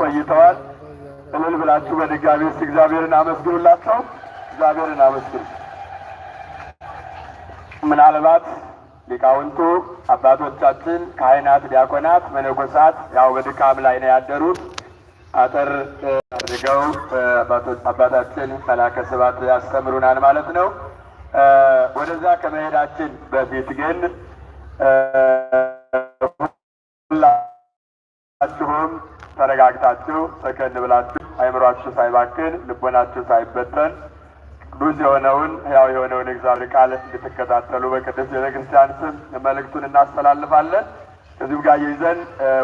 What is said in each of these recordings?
ቆይተዋል። እልል ብላችሁ በድጋሚ እስቲ እግዚአብሔርን አመስግኑላቸው። እግዚአብሔርን አመስግኑ። ምናልባት ሊቃውንቱ አባቶቻችን፣ ካህናት፣ ዲያቆናት፣ መነኮሳት ያው በድካም ላይ ነው ያደሩት። አጠር አድርገው አባታችን መላከ ስብሐት ያስተምሩናል ማለት ነው። ወደዛ ከመሄዳችን በፊት ግን ሁላችሁም ተረጋግታችሁ ሰከን ብላችሁ አይምሯችሁ ሳይባክን ልቦናችሁ ሳይበተን ቅዱስ የሆነውን ሕያው የሆነውን እግዚአብሔር ቃል እንድትከታተሉ በቅዱስ ቤተ ክርስቲያን ስም መልእክቱን እናስተላልፋለን። ከዚሁም ጋር ይዘን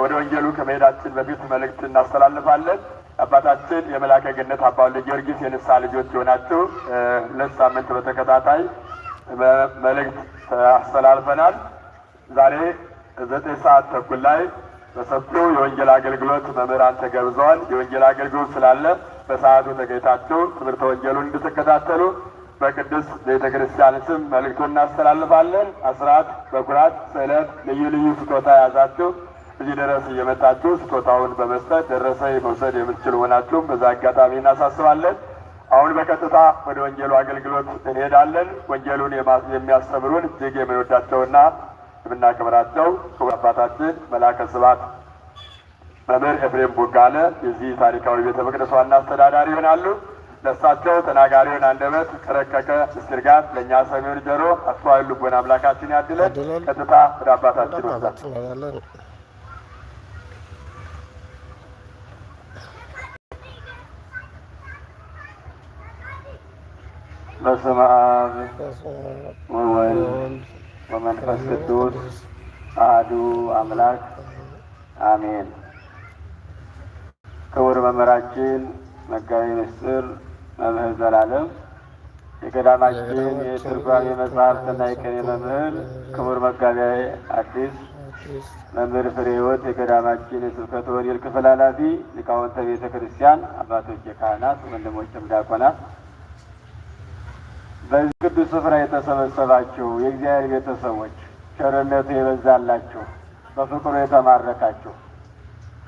ወደ ወንጌሉ ከመሄዳችን በፊት መልእክት እናስተላልፋለን። አባታችን የመላከ ገነት አባ ወልደ ጊዮርጊስ የንስሐ ልጆች የሆናችሁ ሁለት ሳምንት በተከታታይ መልእክት አስተላልፈናል። ዛሬ ዘጠኝ ሰዓት ተኩል ላይ በሰፊው የወንጌል አገልግሎት መምህራን ተገብዘዋል። የወንጌል አገልግሎት ስላለ በሰዓቱ ተገኝታችሁ ትምህርተ ወንጌሉን እንድትከታተሉ በቅዱስ ቤተ ክርስቲያን ስም መልእክቱ እናስተላልፋለን። አስራት፣ በኩራት፣ ስዕለት፣ ልዩ ልዩ ስጦታ የያዛችሁ እዚህ ድረስ እየመጣችሁ ስጦታውን በመስጠት ደረሰ መውሰድ የምትችሉ ሆናችሁም በዛ አጋጣሚ እናሳስባለን። አሁን በቀጥታ ወደ ወንጌሉ አገልግሎት እንሄዳለን። ወንጌሉን የሚያስተምሩን እጅግ የምንወዳቸውና የምናከብራቸው ክቡር አባታችን መላከ ስብሐት መምህር ኤፍሬም ቦጋለ የዚህ ታሪካዊ ቤተ መቅደስ ዋና አስተዳዳሪ ይሆናሉ። ለእሳቸው ተናጋሪውን አንደበት ከረቀቀ ምስጢር ጋር ለእኛ ሰሚውን ጆሮ አስተዋይ ልቦን አምላካችን ያድለን። ቀጥታ ወደ አባታችን ወስዳል። በስመ አብ ወወልድ ወመንፈስ ቅዱስ አህዱ አምላክ አሜን። ክቡር መምህራችን መጋቤ ምስጢር መምህር ዘላለም የገዳማችን የትርጓሜ መጽሐፍትና የቅኔ መምህር ክቡር መጋቢያ አዲስ መምህር ፍሬ ሕይወት የገዳማችን የስብከተ ወንጌል ክፍል ኃላፊ ሊቃውንተ ቤተ ክርስቲያን አባቶች፣ የካህናት ወንድሞችም ዲያቆናት በዚህ ቅዱስ ስፍራ የተሰበሰባችሁ የእግዚአብሔር ቤተሰቦች ቸርነቱ የበዛላችሁ በፍቅሩ የተማረካችሁ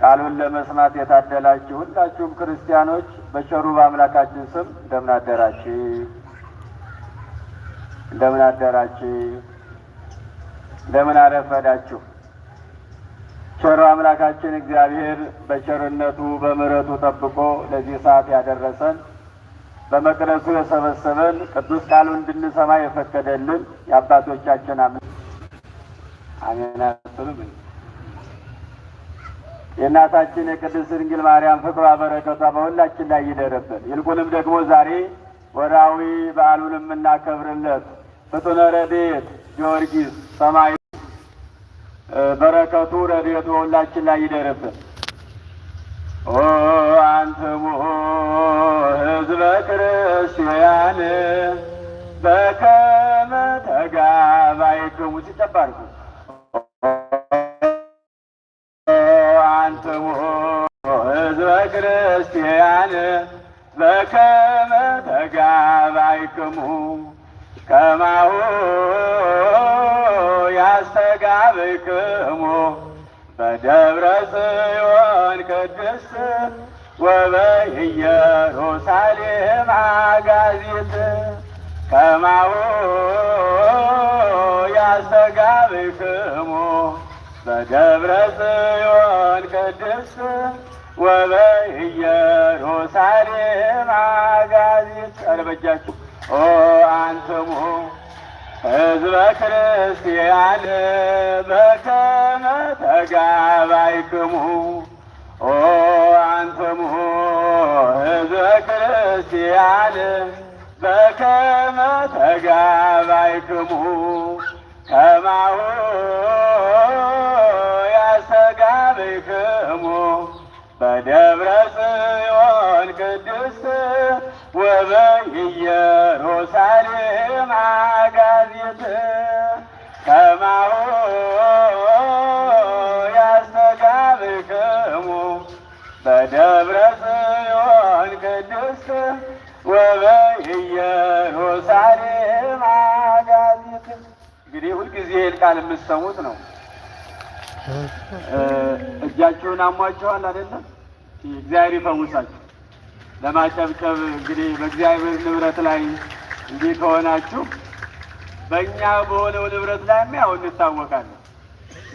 ቃሉን ለመስማት የታደላችሁ ሁላችሁም ክርስቲያኖች በቸሩ በአምላካችን ስም እንደምናደራችሁ እንደምናደራችሁ እንደምን አረፈዳችሁ። ቸሩ አምላካችን እግዚአብሔር በቸርነቱ በምሕረቱ ጠብቆ ለዚህ ሰዓት ያደረሰን በመቅደሱ የሰበሰበን ቅዱስ ቃሉ እንድንሰማ የፈቀደልን የአባቶቻችን አምን አሜን የእናታችን የቅድስት ድንግል ማርያም ፍቅሯ በረከቷ በሁላችን ላይ ይደረብን። ይልቁንም ደግሞ ዛሬ ወራዊ በዓሉን የምናከብርለት ፍጡነ ረድኤት ጊዮርጊስ ሰማይ በረከቱ ረድኤቱ በሁላችን ላይ ይደረብን። አንተ ክርስቲያን በከመ ተጋባይክሙ ሲጠባ አንትሙ ህዝበ ክርስቲያን በከመ ተጋባይክሙ ከማሁ ያስተጋብክሙ በደብረ ጽዮን ቅድስት ወበኢየሩሳሌም አጋዚት ከማሁ ያስተጋብክሙ በደብረ ጽዮን ቅድስት ወበኢየሩሳሌም አጋዚት አለበጃችሁ ኦ አንትሙ ሕዝበ ክርስቲያን በከመ ተጋባይክሙ ክርስቲያን በከመ ተጋባይክሙ ከማሁ በደብረ ጽዮን ወበኢየሩሳሌም ከማሁ ዛሬም አጋዚት እንግዲህ ሁልጊዜ ቃል የምትሰሙት ነው። እጃችሁን አሟችኋል አይደለም? እግዚአብሔር ይፈውሳችሁ። ለማጨብጨብ እንግዲህ በእግዚአብሔር ንብረት ላይ እንዲህ ከሆናችሁ በእኛ በሆነው ንብረት ላይ ያው እንታወቃለን።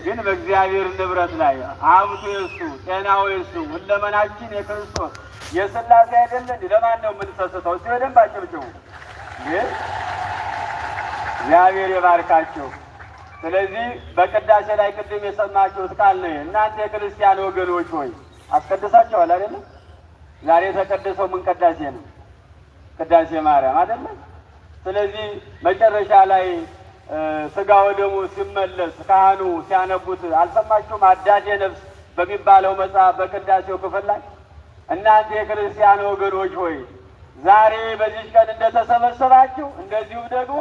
ግን በእግዚአብሔር ንብረት ላይ ሀብቱ የሱ ጤናው የሱ ሁለመናችን የክርስቶስ የስላሴ አይደለን። ለማን ነው የምንሰስተው? እስኪ በደንብ አጨብጭቡ። ግን እግዚአብሔር የባርካቸው። ስለዚህ በቅዳሴ ላይ ቅድም የሰማችሁት ቃል ነው። እናንተ የክርስቲያን ወገኖች ሆይ አስቀድሳቸዋል አይደለም? ዛሬ የተቀደሰው ምን ቅዳሴ ነው? ቅዳሴ ማርያም አይደለም? ስለዚህ መጨረሻ ላይ ስጋ ወደሙ ሲመለስ ካህኑ ሲያነቡት አልሰማችሁም? አዳቴ ነፍስ በሚባለው መጽሐፍ በቅዳሴው ክፍል ላይ እናንተ የክርስቲያን ወገኖች ሆይ ዛሬ በዚህ ቀን እንደተሰበሰባችሁ እንደዚሁ ደግሞ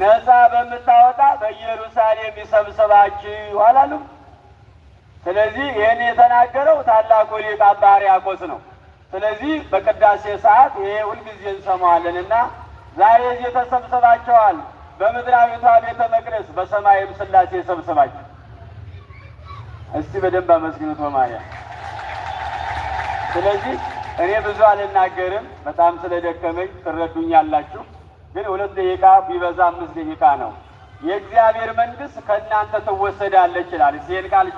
ነፃ በምታወጣ በኢየሩሳሌም ይሰብሰባችሁ አላሉም። ስለዚህ ይህን የተናገረው ታላቁ ሊቅ አባ ሕርያቆስ ነው። ስለዚህ በቅዳሴ ሰዓት ይሄ ሁልጊዜ እንሰማዋለን እና ዛሬ እዚህ ተሰብስባችኋል፣ በምድራዊቷ ቤተ መቅደስ በሰማይም ሥላሴ ሰብስባችሁ። እስቲ በደንብ አመስግኑት በማርያም ስለዚህ እኔ ብዙ አልናገርም፣ በጣም ስለደከመኝ ትረዱኛላችሁ። ግን ሁለት ደቂቃ ቢበዛ አምስት ደቂቃ ነው። የእግዚአብሔር መንግስት ከእናንተ ትወሰዳለች ይላል። ይህን ቃል